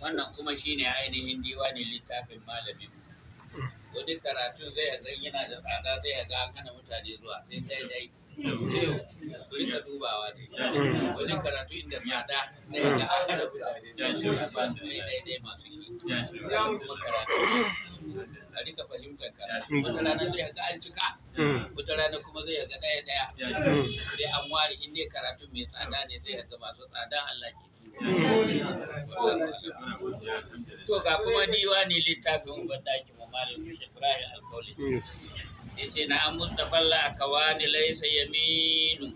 wannan kuma shine ainihin ne littafin malamin wani karatu zai ga yana da tsada zai ga hana mutane zuwa sai dai dai dinga dubawa ne wani karatu inda tsada zai ga an hana mutane zuwa sai dai masu shi kuma karatu a rika fahimtar karatu mm. wata rana zai ga an cika mm. wata rana kuma zai ga daya daya mm. sai an ware in ne karatu mai tsada ne zai ga masu tsada Allah ke to ga kuma diwa ne littafin ubangiji mu malam Ibrahim Alkauli yace na amun da falla wani laysa yaminu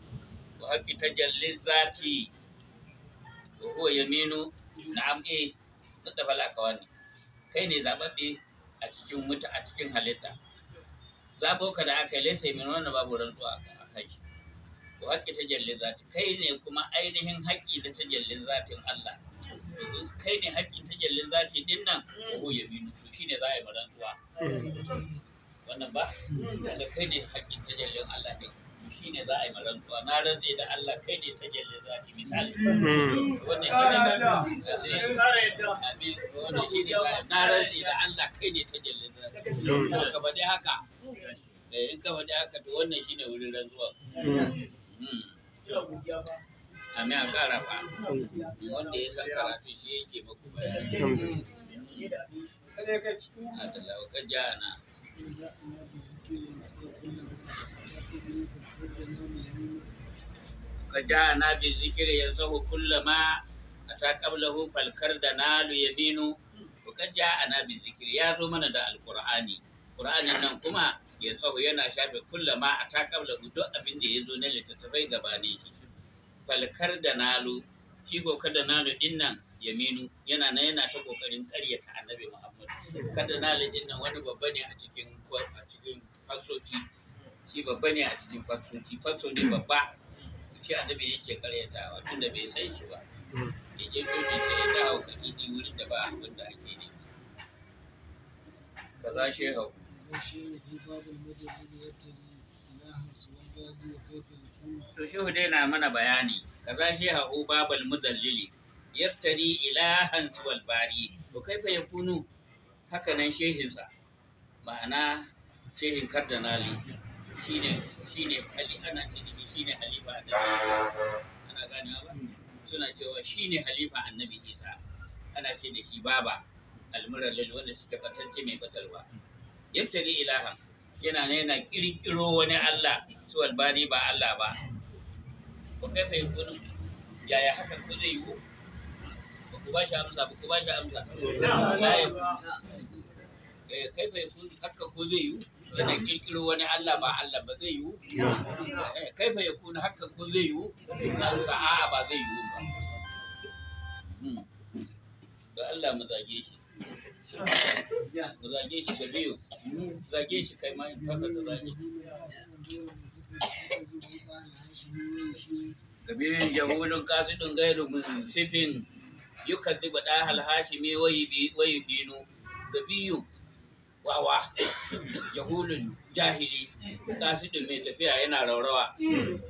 wa haqqi tajallin zati ko yaminu na na'am eh da falla akawani kai ne zababbe a cikin wuta a cikin halitta zabo ka da aka yi laisa min wannan babu rantsuwa a kai ko haƙƙi ta jallin zati kai ne kuma ainihin haƙƙi da ta jallin zatin Allah kai ne haƙƙin ta jallin zati din nan ko ya binu to shine za a yi rantsuwa wannan ba kai ne haƙƙin ta jallin Allah ne shine za a yi marantuwa na rantse da Allah kai ne ta gelle za a yi misali hmm. wannan da shi ne na rantse da Allah kai ne ta gelle za a yi hmm. ka faɗi haka eh, in ka faɗi haka to wannan shi ne wurin rantsuwa hmm. Ami a kara fa wanda ya san karatu shi yake maku bayani. Adalawa ka jana. gutera inkingi zigiye zisaba kwirinda kugira ngo tugire ibikorwa by'amahoro n'ibindi kajyana bizikire yazaho kurama atakabuleho falkar da na luyabino ku kajya ana bizikire ya zo mana da alkur'ani Ƙur'ani nan kuma ya tsaho yana shafe kullama a takabuleho duk abinda ya zo na littattafai gaba ne shi falkar da na lu shi kokar da na nan yamino yana yana ta kokarin karyata annabi ma'a Kada na din nan wani babba ne a cikin a cikin fasoci shi babba ne a cikin fasoci fasoci babba shi annabi yake karyatawa tun da bai san shi ba hmm. ya je coci ce ya dawo ka idi wurin da ba abin da ake ne kaza shehu to shehu dai na mana bayani Ka za kaza hau babal mudallili yaftari ilahan suwal bari to ya kunu? hakanan shehinsa ma'ana shehin kardinali shine shine ali ana cikin shine halifa a ana gane ba suna cewa shi ne halifa annabi isa ana ce da shi baba almurar lil wanda suke fatance mai fatalwa. yabtali ilahan yana ne yana kirkiro wani allah to albani ba allah ba ko kai kai yakunu yaya haka ko zai yi ko ku ba shi amsa ku ba shi amsa eh, kai bai kun haka ko zai yi yana kirkiro wani Allah ba Allah ba zai yi eh, kai bai kun haka ko zai yi amsa a'a ba zai yi ba ga hmm. Allah mu zage shi mu zage shi da biyu zage shi kai ma in fasa da zage da biyun jahurin kasidin gairu sifin yukadibu da alhashimi wayu hinu gabiyu wawa yahulun jahili su mai tafiya yana raurawa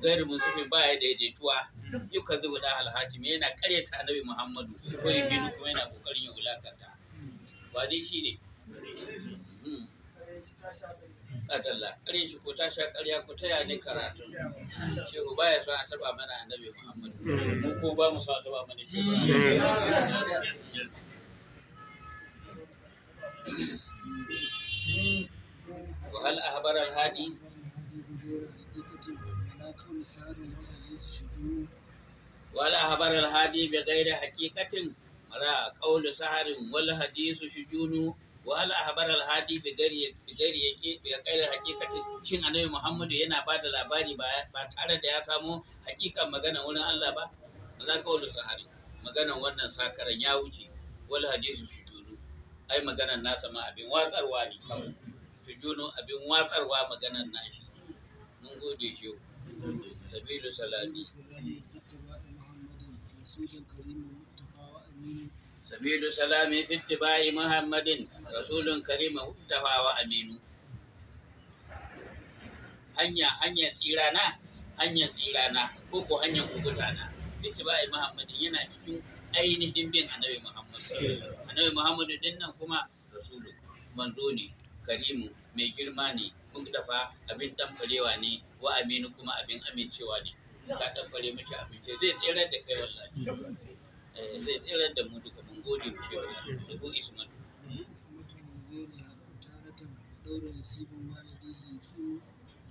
gairu sufi ba ya daidaituwa yukadibu da alhashimi yana karyata annabi muhammadu wayu hinu kuma yana kokarin ya wulakanta ba dai shi ne hmm. adalla ƙarin shi ko ta sha ƙarya ko ta yane karatun shehu ba ya so a taba mana annabi muhammad mu ko ba mu so a taba mana shehu hal ahbar al hadi wa ahbar al hadi bi ghairi haqiqatin mara qawlu saharin wal hadisu shujunu wala habar alhadi bi gari yake bi kai hakikatin shin annabi muhammadu yana ba da labari ba tare da ya samo hakikan magana wurin allah ba za ka wani sahari maganan wannan sakaran ya wuce wal hadisu shujunu ai maganan nasa ma abin watsarwa ne kawai shujunu abin watsarwa maganan shi. mun gode shi sabilu salami سبيل سلامي في اتباع محمد رسول كريم مصطفى وأمين hanya hanyar tsirana hanyar tsirana ko ko hanyar kukutana ittiba'i muhammadin yana cikin ainihin bin annabi muhammad annabi muhammad din nan kuma rasulu manzo ne karimu mai girma ne kun dafa abin damfarewa ne wa aminu kuma abin amincewa ne ka damfare mace amince zai tsirar da kai wallahi zai tsirar da mu duka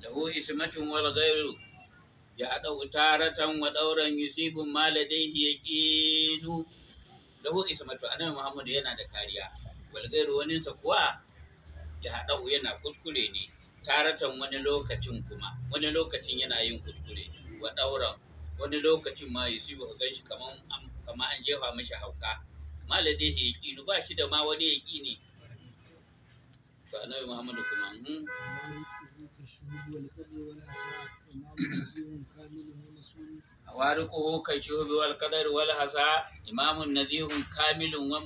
lahu ismatun wal ghairu ya dau taratan wa ɗauran yusibun ma ladaihi yaqinu lahu ismatu annabi muhammadu yana da kariya wal ghairu wani sa kuwa ya dau yana kuskure ne taratan wani lokacin kuma wani lokacin yana yin kuskure wa ɗauran wani lokacin ma yusibu ka shi kaman an jefa mashi hauka ma ladaihi yaqinu ba shi da ma wani yaqini ga annabi muhammadu kuma awarikuhu ka shubi wal kadar wal hasa imamun nazihun kamilun wa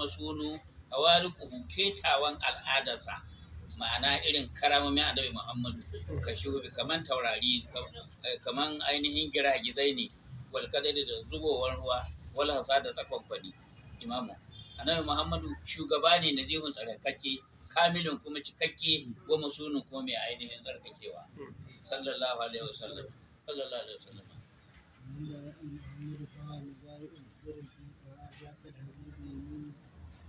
al'adarsa ma'ana irin mai annabi muhammadu ka shubi kaman taurari eh, kaman ainihin gizai ne wal kadar da zubowar ruwa wal hasa da tsakon imamu annabi muhammadu shugaba ne nazihun tsarkake kamilin kuma cikakke wa masunin kuma mai ainihin zarkakewa sallallahu alaihi wasallam sallallahu alaihi wasallam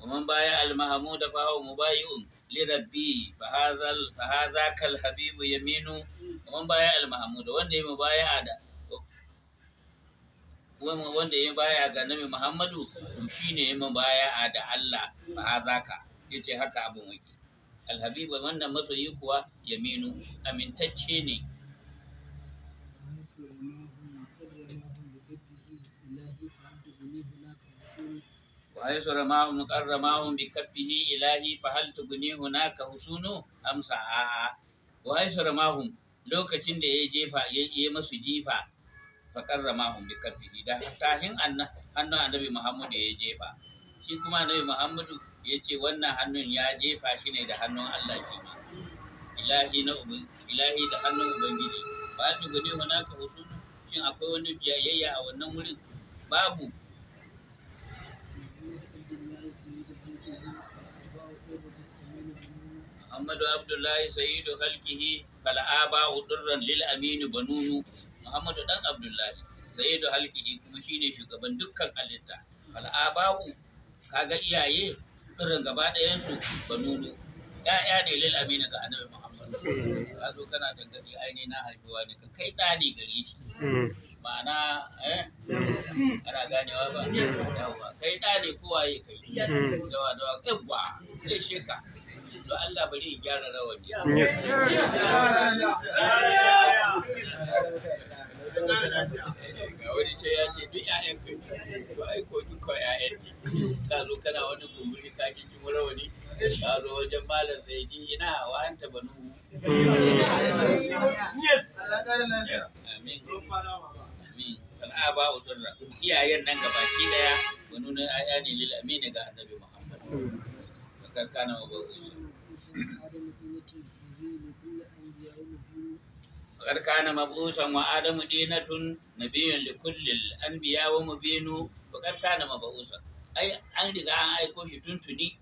ومن بايع المحمود فهو مبايع لربي فهذا فهذا كالحبيب يمين ومن بايع المحمود wanda مبايع mubaya ومن wanda مبايع mubaya محمد Nabi مبايع to الله فهذاك ya ce haka abin wake Alhabibu, wannan masoyi kuwa yaminu amintacce ne ويسر معه مكرمه بكفه إلهي فهل تغني هناك حسون wa ya sura معهم lokacin da ya jefa ya yi masu jifa fakarramahum bi kaffihi da tahin annabi Muhammadu ya jefa shi kuma annabi Muhammadu ya ce wannan hannun ya jefa shi ne da hannun Allah ke. ma ilahi na ilahi da hannun ubangiji ba ta wani aka wasu shin akwai wani biyayya a wannan wurin babu Muhammadu Abdullahi Sayyidu Halkihi Bal'aba Udurran Lil Aminu Banunu Muhammadu Dan Abdullahi Sayyidu Halkihi kuma shine shugaban dukkan halitta ka kaga iyaye sirrin gaba ɗayan su nuno ya'ya ne lil amina ga annabi muhammad ka zo kana dangane aini na haifuwa ne ka kai ɗa ne gare shi ma'ana eh ana ganewa ba kai ɗa ne kowa kai dawa dawa kai gwa kai sheka to Allah bari in gyara rawani ga wani ta ya ce duk ƴaƴan ka ne to ai ko duka ƴaƴan ne ka zo kana wani kumburi ka ki ki mura wani ka zo wajen malam sai ji ina wa an ta banu yes amin amin al'a ba udurra iyayen nan gabaki daya wanunan aya ne lil amini ga annabi muhammad kakana wa ba'usu وقد كان مبعوثا وآدم دينة نبي لكل الأنبياء ومبين وقد كان مبعوثا أي أن رجع أي كوشي تنتني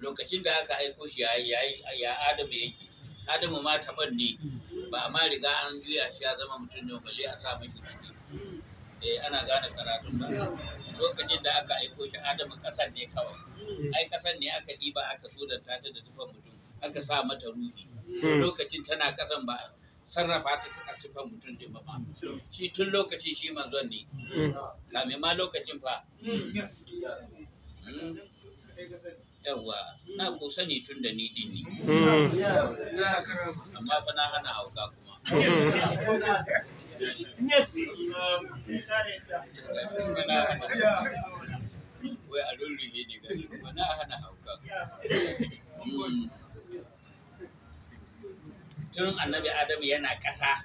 لو كتير دعك أي كوشي يا يا يا آدم يجي آدم ما تمني بأما رجع أن جوا أشياء زمان متنو ملي أسامي eh ana gane karatun da lokacin da aka aiko shi adamu كسان ne kawai ai kasan ne aka diba aka sudanta ta da tufan mutum aka sa mata ruhi lokacin tana kasan ba sarrafa ta ta sifan mutum din ba ma shi tun lokaci shi manzon ne kame ma lokacin fa yawwa na ko sani tun da ni din ne amma fa na hana hauka kuma wai a lullu ne gari kuma na hana hauka hmm. tun annabi adam yana ƙasa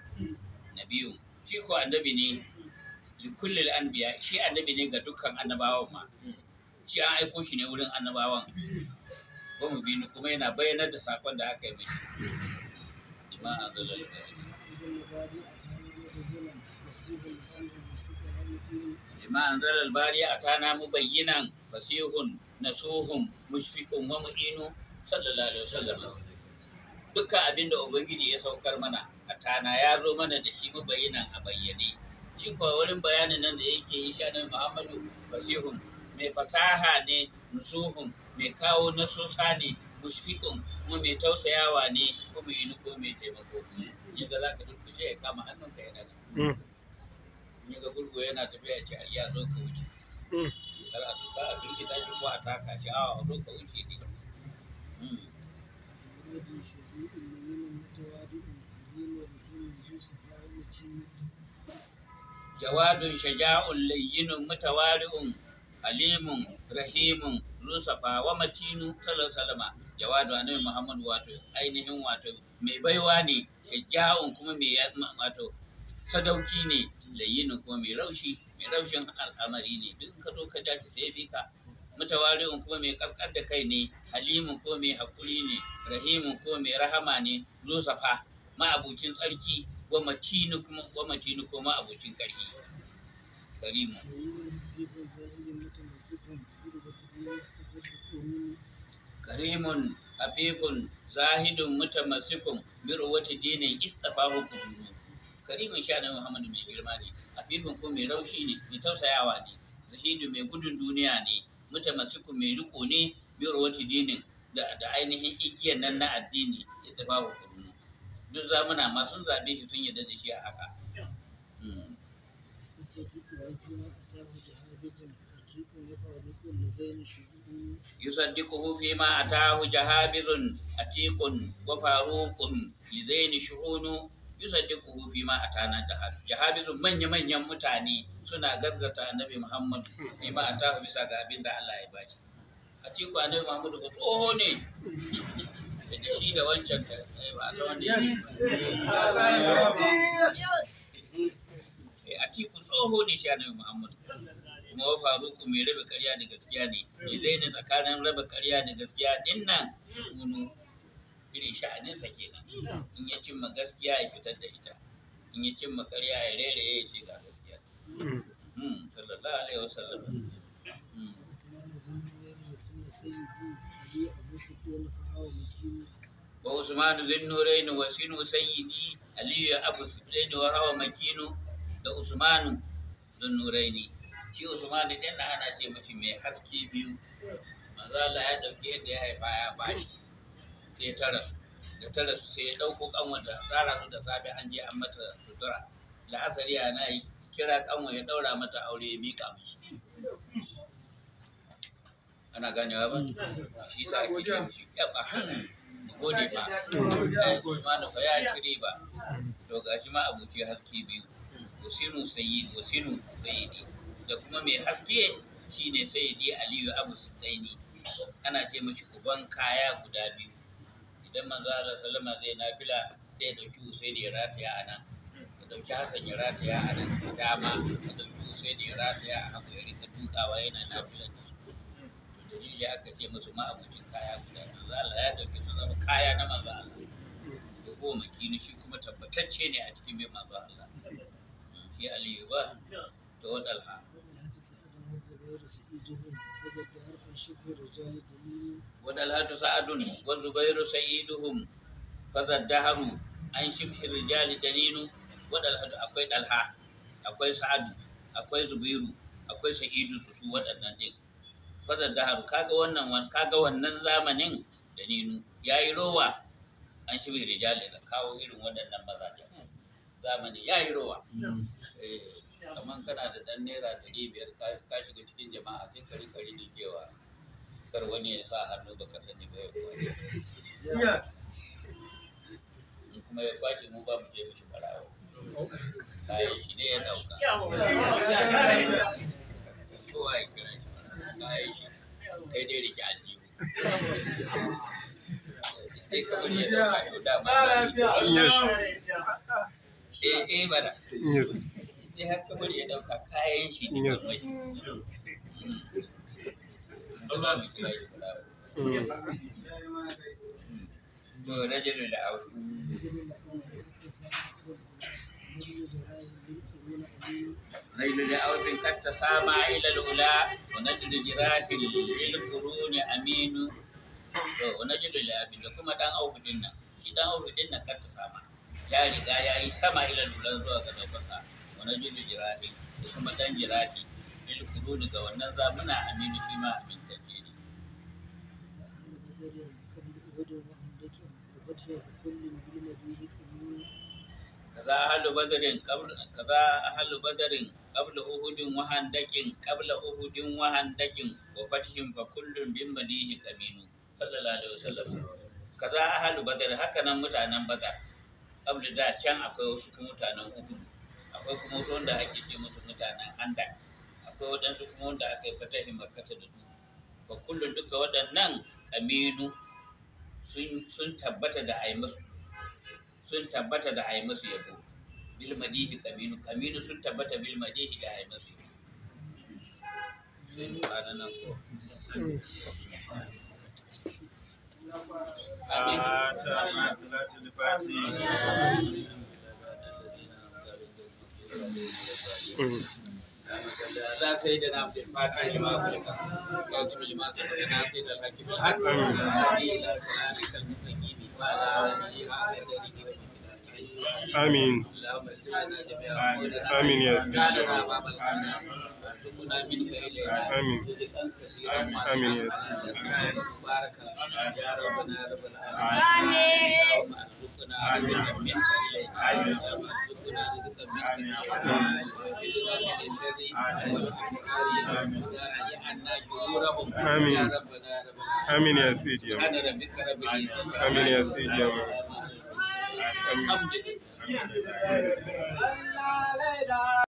na biyu shi ko annabi ne likullil anbiya shi annabi ne ga dukkan annabawan ma shi an aiko shi ne wurin annabawan goma biyu kuma yana bayyanar da sakon da aka yi mai Iman a gazar da ima an zalar albari a tana mu bayyinan fasihun nasuhun mushfikun wa mu'inu sallallahu alaihi wasallam duka abin da ubangiji ya saukar mana a tana ya zo mana da shi mabayinan a bayyane shi kuwa wurin bayanin nan da yake yi shanin muhammadu fasihun mai fasaha ne nusuhun mai kawo nasosa ne mushfiqun kuma mai tausayawa ne kuma yi nuko mai taimako ne ga za ka turkushe ya kama ka ya daga ne ga gurgu yana tafiya ce a iya zo ka wuce mm. kar a tuka a firgita shi ko a taka shi a zo ka wuce ne شفيع مؤمن متواضع كريم رحيم ذو صفاء متين جواد شجاع لين متوارئ حليم رحيم ومتين صلى جواد محمد واتو ainihin wato mai baiwa ne shaja'un kuma mai wato sadauki ne layyinu kuma mai raushi mai raushin al'amari ne duk ka zo ka ja sai bi ka mutawali'un ko mai kaskar da kai ne halimun ko mai hakuri ne rahimun ko mai rahama ne zosafa ma abokin tsarki wa matinu kuma wa matinu ko ma abokin karhi karimu karimun afifun zahidun mutamassikun biro wata dinin istafa hukumu karimun sha na muhammadu mai girma ne afifun ko mai raushi ne mai tausayawa ne zahidu mai gudun duniya ne mutamassiku mai riko ne birwati dinin da ainihin igiyar nan na addini ya tafa wa kurmi duk zamuna ma sun zaɓe shi sun yarda da shi a haka hmm. yusaddiquhu fi ma atahu jahabizun atiqun wa faruqun li zaini shuhunu yusaddiquhu fi ma atana jahadu jahadizu manya manyan mutane suna gargata annabi Muhammad fi ma tafi bisa ga abin da Allah ya bashi a cikin annabi Muhammad ko tsoho ne da shi da wancan da eh, ba a wanda ya a cikin eh, tsoho ne shi annabi Muhammad kuma wa faruku mai raba karya da gaskiya ne mai zai ne tsakanin raba karya da gaskiya din nan sunu irin sha'aninsa kenan in ya cimma gaskiya ya fitar da ita in ya cimma karya ya rere ya ce ga gaskiya hmm, sallallahu alaihi wasallam hmm. wa usman zin nurain wa sinu sayyidi aliyu abu Sufyan wa hawa makino da usman zin nuraini shi usman din ana ce mafi mai haske biyu manzo Allah ya dauke yadda ya haifa ya bashi sai ya tara su da tara su sai ya ɗauko ƙanwanta tara su da safe an je an mata sutura la'asari na yi kira ƙanwa ya ɗaura mata aure ya miƙa mashi ana ganewa ba mm. shi sa ake shi ƙyaɓa gode ba ɗan ba ya cire ba to ga shi ma abuci haske biyu wasinu sayyid wasinu sayyidi da kuma mai haske shine sayyidi aliyu abu sudaini ana ce mashi uban kaya guda biyu idan manzo Allah sallama zai nafila sai ya dauki Husaini ya rataya a nan ya dauki Hassan ya rataya a nan da dama ya dauki Husaini ya rataya a hagu ya rika dukawa yana nafila da su to dalili aka ce musu ma abokin kaya guda manzo Allah ya dauki su zama kaya na manzo Allah da goma kini shi kuma tabbatacce ne a cikin bin manzo Allah shi Aliyu ba to wadalha ودلات سعد والزبير سيدهم فذا الدهر عن شبه الرجال دليل ودلات أكوي دلها أكوي سعد أكوي زبير أكوي سيد سسو ودلنا دين فذا الدهر كاغا ونن كاغا ونن زامنين دليل يا إلوة عن شبه الرجال da kawo irin waɗannan mazajen zamani ya yi rowa kamar kana da ɗan naira ɗari biyar ka shiga cikin jama'a sai kari kari da kewa kar wani ya sa hannu ba ka sani ba ya kuma ya kwace mu ba mu je mishi barawo kayan shi ne ya dauka kowa ya kira shi shi kai dai rike aljihu sai kamar ya dauka to da ba eh eh bara yes sai har kamar ya dauka kayan shi ne mm. رجل العوف رجل العوف قد تسامع إلى الأولى ونجد جراح للقرون أمين ونجد العوف لكم دان أوف دينا دان أوف دينا قد تسامع يا رجال يا سما إلى الأولى زوا كذا كذا ونجد جراح لكم دان جراح للقرون كونذا منا أمين فيما أمين kaza ahalu badarin qabla kaza ahalu badarin qabla uhudin wa handaqin qabla uhudin wa handaqin wa fatihim fa kullun bin malihi qaminu sallallahu alaihi wasallam kaza ahalu badar haka nan mutanen badar qabla da can akwai wasu kuma mutanen uhud akwai kuma wasu wanda ake ce musu mutanen handaq akwai waɗansu kuma wanda aka yi himar makkata da su ba kullum duka waɗannan ƙabilu sun tabbata da ai masu sun tabbata da ai masu yabo bil madihi ƙabilu sun tabbata bil madihi da ai masu yabo Mm-hmm. Amin. Amin. Amin. Amin. Amin. Amin. Amin. Amin. amin amin amin amin amin ya sidi ya amin ya